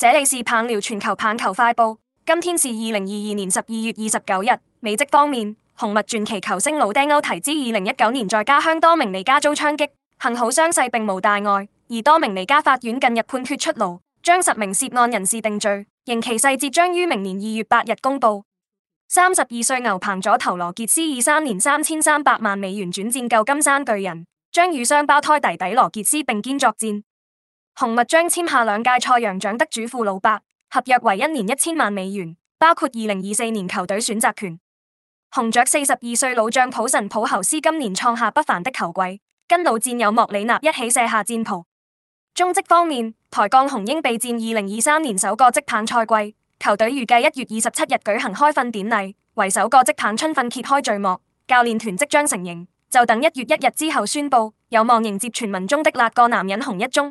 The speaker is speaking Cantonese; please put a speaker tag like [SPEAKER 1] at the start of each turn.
[SPEAKER 1] 這裡是棒聊全球棒球快報，今天是二零二二年十二月二十九日。美職方面，紅襪傳奇球星老丁歐提茲二零一九年在家鄉多明尼加遭槍擊，幸好傷勢並無大礙；而多明尼加法院近日判決出爐，將十名涉案人士定罪，刑期細節將於明年二月八日公布。三十二歲牛棚左投羅傑斯以三年三千三百萬美元轉戰舊金山巨人，將與雙胞胎弟弟羅傑斯並肩作戰。紅襪將簽下兩屆賽揚獎得主富老伯，合約為一年一千萬美元，包括二零二四年球隊選擇權。紅雀四十二歲老將普神普侯斯今年創下不凡的球季，跟老戰友莫里納一起卸下戰袍。中職方面，台鋼雄鷹備戰二零二三年首個職棒賽季，球隊預計一月二十七日舉行開訓典禮，為首個職棒春訓揭開序幕。教練團即將成形，就等一月一日之後宣布，有望迎接傳聞中的辣個男人紅一中。